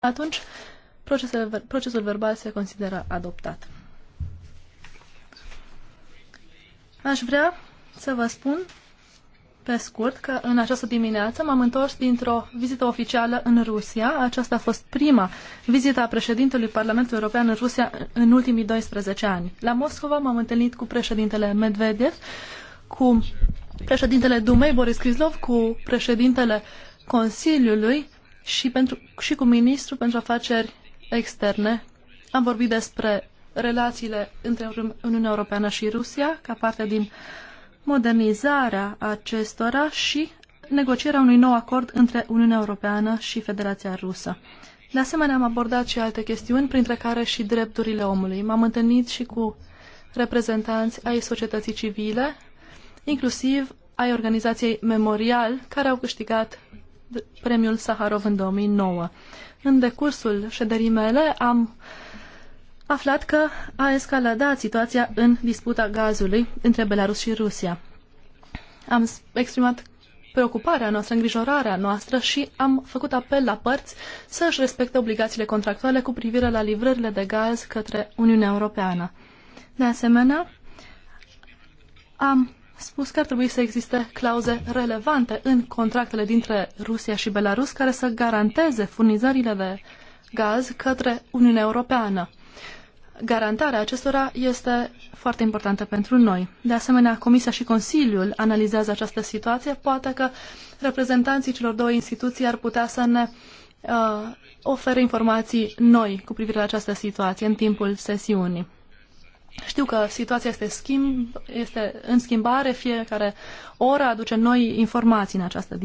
Atunci, procesul, procesul verbal se consideră adoptat. Aș vrea să vă spun pe scurt că în această dimineață m-am întors dintr-o vizită oficială în Rusia. Aceasta a fost prima vizită a președintelui Parlamentului European în Rusia în ultimii 12 ani. La Moscova m-am întâlnit cu președintele Medvedev, cu președintele Dumei Boris Krizlov, cu președintele Consiliului și, pentru, și cu ministrul pentru afaceri externe. Am vorbit despre relațiile între Uniunea Europeană și Rusia ca parte din modernizarea acestora și negocierea unui nou acord între Uniunea Europeană și Federația Rusă. De asemenea, am abordat și alte chestiuni, printre care și drepturile omului. M-am întâlnit și cu reprezentanți ai societății civile, inclusiv ai organizației Memorial, care au câștigat premiul Saharov în 2009. În decursul șederii mele am aflat că a escaladat situația în disputa gazului între Belarus și Rusia. Am exprimat preocuparea noastră, îngrijorarea noastră și am făcut apel la părți să își respecte obligațiile contractuale cu privire la livrările de gaz către Uniunea Europeană. De asemenea, am spus că ar trebui să existe clauze relevante în contractele dintre Rusia și Belarus care să garanteze furnizările de gaz către Uniunea Europeană. Garantarea acestora este foarte importantă pentru noi. De asemenea, Comisia și Consiliul analizează această situație. Poate că reprezentanții celor două instituții ar putea să ne uh, ofere informații noi cu privire la această situație în timpul sesiunii. Știu că situația este, schimb, este în schimbare, fiecare oră aduce noi informații în această